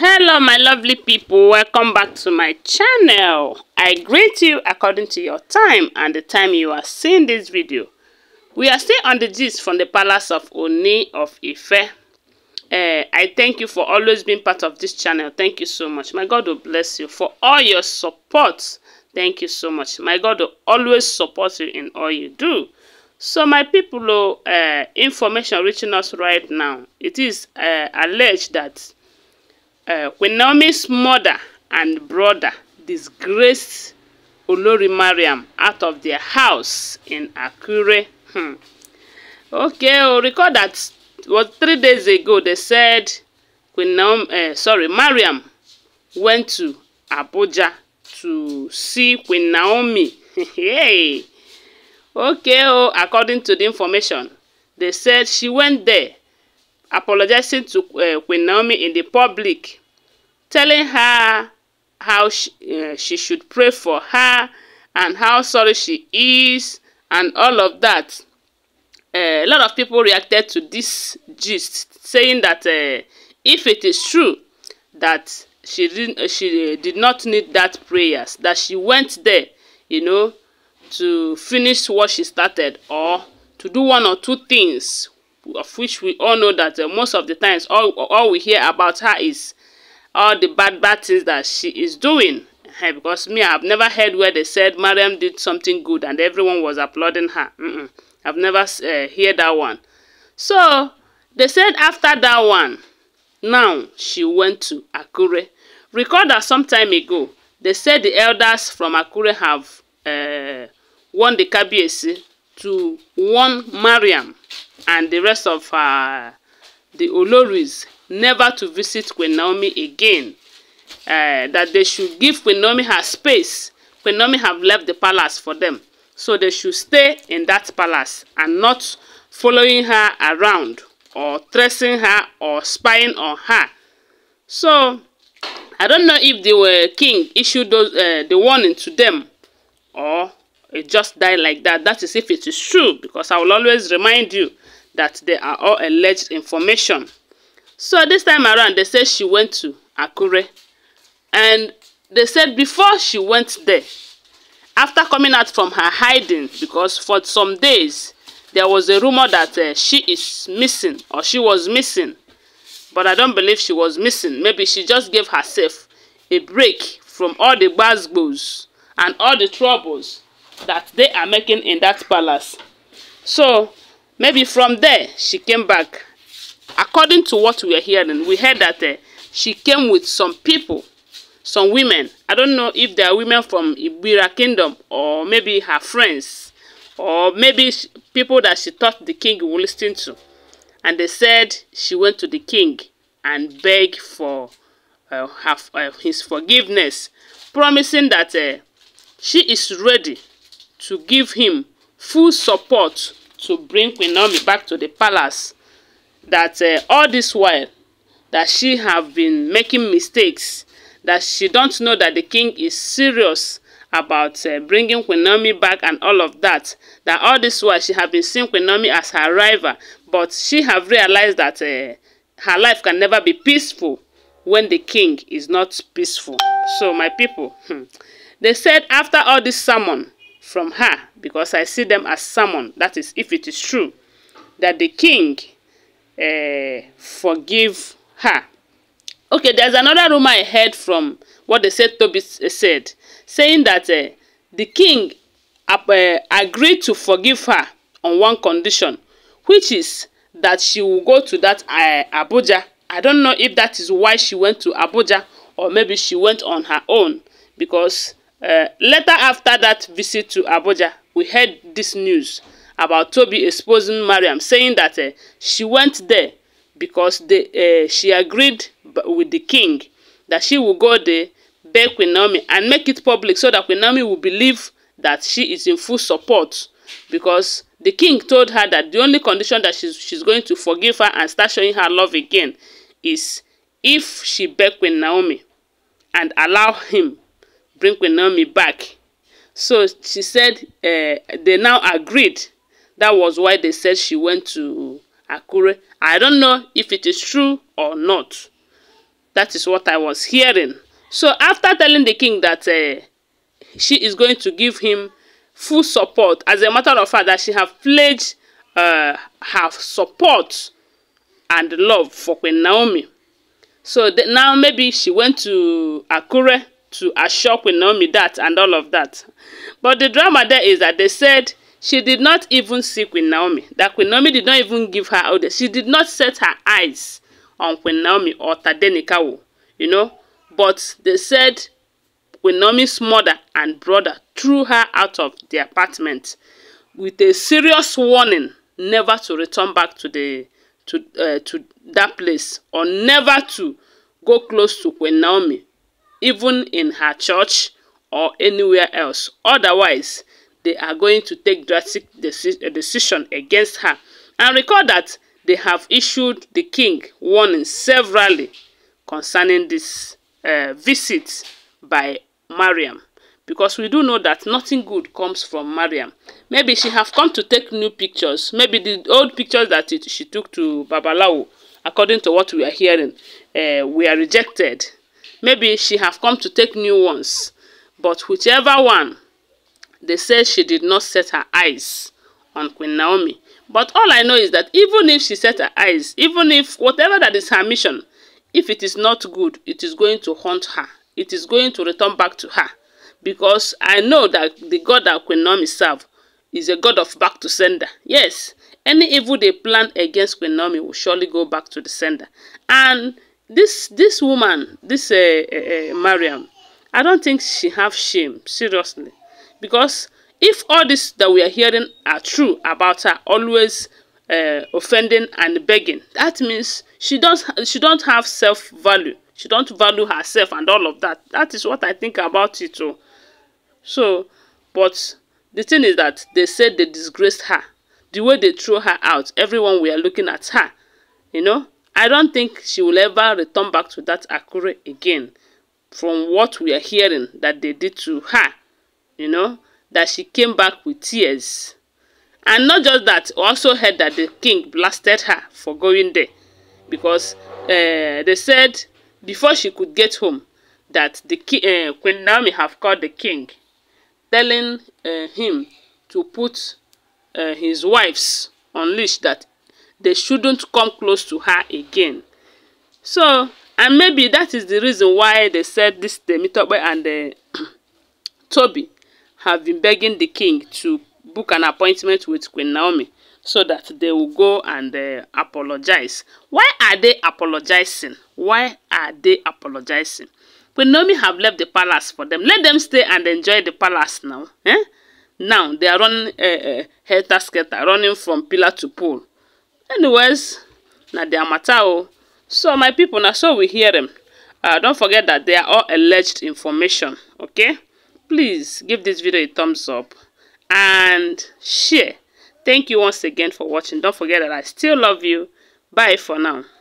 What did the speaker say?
hello my lovely people welcome back to my channel i greet you according to your time and the time you are seeing this video we are still on the gist from the palace of oni of ife uh, i thank you for always being part of this channel thank you so much my god will bless you for all your support thank you so much my god will always support you in all you do so my people uh, information reaching us right now it is uh, alleged that uh, when Naomi's mother and brother disgraced Olori Mariam out of their house in Akure. Hmm. Okay, I oh, recall that was three days ago they said Queen Naomi, uh, sorry, Mariam went to Abuja to see Queen Naomi. hey. Okay, oh, according to the information, they said she went there apologizing to uh, Queen Naomi in the public, telling her how she, uh, she should pray for her and how sorry she is and all of that. Uh, a lot of people reacted to this gist, saying that uh, if it is true that she didn't uh, she uh, did not need that prayers, that she went there, you know, to finish what she started or to do one or two things of which we all know that uh, most of the times all, all we hear about her is all the bad bad things that she is doing hey, eh, because me I've never heard where they said Mariam did something good and everyone was applauding her mm -mm. I've never uh, eh, heard that one so they said after that one now she went to Akure recall that some time ago they said the elders from Akure have uh, eh, warned the Kabiyesi to one Mariam and the rest of uh, the Oloris never to visit Queen Naomi again. Uh, that they should give Queen Naomi her space. Queen Naomi have left the palace for them. So they should stay in that palace and not following her around or tracing her or spying on her. So I don't know if the uh, king issued those, uh, the warning to them or It just died like that. That is if it is true, because I will always remind you that they are all alleged information. So this time around, they said she went to Akure. And they said before she went there, after coming out from her hiding, because for some days, there was a rumor that uh, she is missing or she was missing. But I don't believe she was missing. Maybe she just gave herself a break from all the basbos and all the troubles that they are making in that palace. So maybe from there she came back. According to what we are hearing, we heard that uh, she came with some people, some women. I don't know if they are women from Ibira kingdom or maybe her friends or maybe people that she thought the king would listen to. And they said she went to the king and begged for uh, her, uh, his forgiveness, promising that uh, she is ready to give him full support to bring Queen Naomi back to the palace. That uh, all this while that she have been making mistakes, that she don't know that the king is serious about uh, bringing Queen Naomi back and all of that. That all this while she have been seeing Queen Naomi as her rival, but she have realized that uh, her life can never be peaceful when the king is not peaceful. So my people, hmm, they said after all this sermon, from her, because I see them as someone, that is, if it is true, that the king uh, forgive her. Okay, there's another rumor I heard from what they said Toby eh, said, saying that uh, the king uh, agreed to forgive her on one condition, which is that she will go to that uh, Abuja. I don't know if that is why she went to Abuja or maybe she went on her own because Uh, later after that visit to Abuja, we heard this news about Toby exposing Mariam, saying that uh, she went there because they, uh, she agreed with the king that she will go there, beg Queen Naomi, and make it public so that Queen Naomi will believe that she is in full support because the king told her that the only condition that she's, she's going to forgive her and start showing her love again is if she beg Queen Naomi and allow him bring Queen Naomi back. So she said uh, they now agreed. That was why they said she went to Akure. I don't know if it is true or not. That is what I was hearing. So after telling the king that uh, she is going to give him full support, as a matter of fact, that she have pledged uh, her support and love for Queen Naomi. So now maybe she went to Akure to a shop with Naomi that and all of that. But the drama there is that they said she did not even see Queen Naomi. That Queen Naomi did not even give her order. She did not set her eyes on Queen Naomi or Tadenikawo, you know. But they said Queen Naomi's mother and brother threw her out of the apartment with a serious warning never to return back to the to uh, to that place or never to go close to Queen Naomi even in her church or anywhere else. Otherwise, they are going to take drastic deci uh, decision against her. And recall that they have issued the king warning severally concerning this uh, visit by Mariam. Because we do know that nothing good comes from Mariam. Maybe she have come to take new pictures. Maybe the old pictures that it, she took to Babalawo, according to what we are hearing, uh, were rejected Maybe she have come to take new ones. But whichever one, they say she did not set her eyes on Queen Naomi. But all I know is that even if she set her eyes, even if whatever that is her mission, if it is not good, it is going to haunt her. It is going to return back to her. Because I know that the God that Queen Naomi serve is a God of back to sender. Yes, any evil they plan against Queen Naomi will surely go back to the sender. And this this woman this uh, uh, uh, Mariam I don't think she have shame seriously because if all this that we are hearing are true about her always uh, offending and begging that means she does she don't have self value she don't value herself and all of that that is what I think about it too. Oh. so but the thing is that they said they disgraced her the way they throw her out everyone we are looking at her you know I don't think she will ever return back to that Akure again from what we are hearing that they did to her, you know, that she came back with tears. And not just that, also heard that the king blasted her for going there because uh, they said before she could get home that the uh, Queen Naomi have called the king, telling uh, him to put uh, his wives on leash that they shouldn't come close to her again. So, and maybe that is the reason why they said this Temitope and uh, the Toby have been begging the king to book an appointment with Queen Naomi so that they will go and uh, apologize. Why are they apologizing? Why are they apologizing? Queen Naomi have left the palace for them. Let them stay and enjoy the palace now. Eh? Now, they are running uh, uh, helter-skelter, running from pillar to pole anyways na dia matter o so my people na so we hear dem ah, Don't forget that they are all alleged information okay please give this video a thumbs up and share thank you once again for watching Don't forget that i still love you bye for now